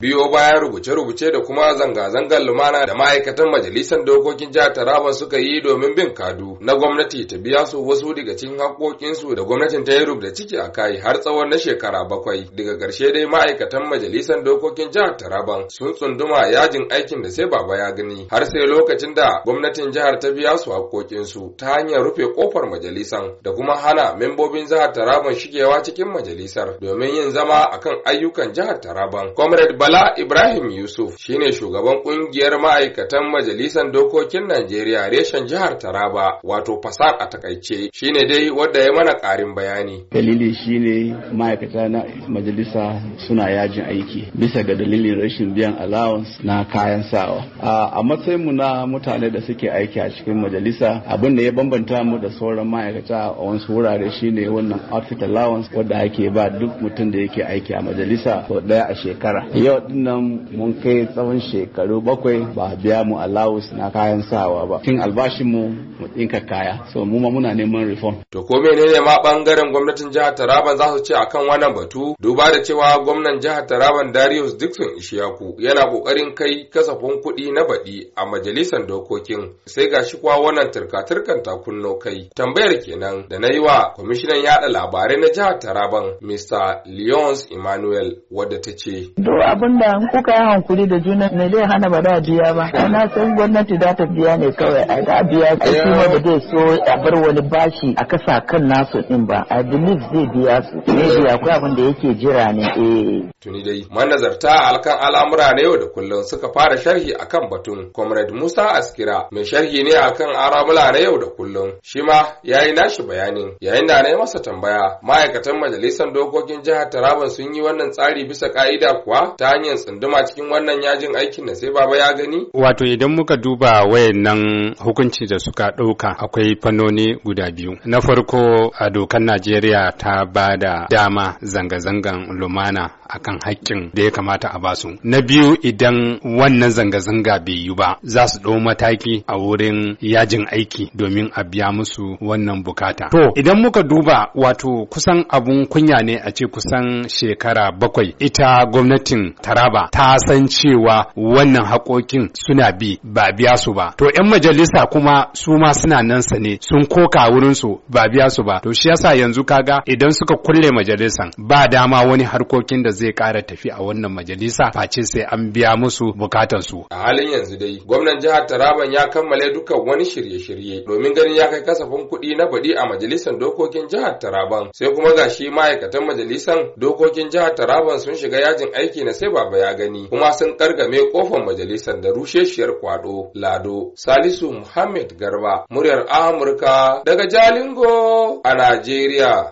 biyo bayan rubuce-rubuce da kuma zanga-zangar lumana da ma'aikatan majalisar dokokin jihar Taraba suka yi domin bin kadu na gwamnati ta biya su wasu daga cikin haƙoƙinsu da gwamnatin ta yi rubuta ciki a kai har tsawon na shekara bakwai daga ƙarshe dai ma'aikatan majalisar dokokin jihar Taraban sun tsunduma yajin aikin da sai baba ya gani har sai lokacin da gwamnatin jihar ta biya su haƙoƙinsu ta hanyar rufe kofar majalisan da kuma hana membobin jihar Taraban shigewa cikin majalisar domin yin zama akan ayyukan jihar Taraban. Comrade Bala Ibrahim Yusuf shine shugaban ƙungiyar ma'aikatan majalisar dokokin Najeriya reshen jihar Taraba wato fasad a takaice shine dai wadda ya mana karin bayani. Dalili shine ma'aikata na majalisa suna yajin aiki bisa ga dalilin rashin biyan allowance na kayan sawa. A matsayin mu na mutane da suke aiki a cikin majalisa abin da ya bambanta mu da sauran ma'aikata a wasu wurare shine wannan outfit allowance wadda ake ba duk mutum da yake aiki a majalisa ko daya a shekara. Yau din nan mun kai tsawon shekaru bakwai ba biya mu allowance na kayan sawa ba kin albashin mu mu dinka kaya so mu ma muna neman reform to ko menene ma bangaren gwamnatin jihar Taraban za su ce akan wannan batu duba da cewa gwamnan jihar Taraban Darius Dixon Ishiyaku yana kokarin kai kasafin kuɗi na baɗi a majalisar dokokin sai ga shi kuwa wannan turka-turkan takunno kai tambayar kenan da na yi wa kwamishinan yada labarai na jihar Taraban Mr. Lyons Emmanuel wadda ta ce. Do abin wanda an kuka yi hankuri da juna ne zai hana ba da biya ba na san gwamnati za ta biya ne kawai a da biya ma ba zai so a bar wani bashi a kasa kan nasu din ba a believe zai biya su ne biya akwai abin da yake jira ne eh tuni dai manazarta alkan al'amura na yau da kullum suka fara sharhi akan batun comrade Musa Askira mai sharhi ne akan aramula na yau da kullum shi ma yayi nashi bayanin yayin da na yi masa tambaya ma'aikatan majalisar dokokin jihar taraba sun yi wannan tsari bisa ka'ida kuwa ta hanyar sanduma cikin wannan yajin aikin na sai baba ya gani? Wato idan muka duba wayannan hukunci da suka ɗauka akwai fannoni guda biyu. Na farko a dokar Najeriya ta ba da dama zanga-zangan lumana akan hakkin da ya kamata a basu na biyu idan wannan zanga-zanga bai yi ba za su ɗau mataki a wurin yajin aiki domin a biya musu wannan bukata to idan muka duba wato kusan abun kunya ne a ce kusan shekara bakwai ita gwamnatin taraba ta san cewa wannan haƙoƙin suna bi ba biya su ba to 'yan majalisa kuma su ma suna nan ne sun koka wurin su ba biya su ba to shi yasa yanzu kaga idan suka kulle majalisan ba dama wani harkokin da zai kara tafi a wannan majalisa face sai an biya musu bukatansu. A halin yanzu dai gwamnan jihar Taraban ya kammale dukkan wani shirye-shirye domin ganin ya kai kasafin kuɗi na baɗi a majalisar dokokin jihar Taraban sai kuma gashi ma'aikatan majalisar dokokin jihar Taraban sun shiga yajin aiki na sai baba ya gani kuma sun kargame kofar majalisar da rusheshiyar kwaɗo. Lado Salisu Muhammad Garba muryar Amurka daga Jalingo a Najeriya.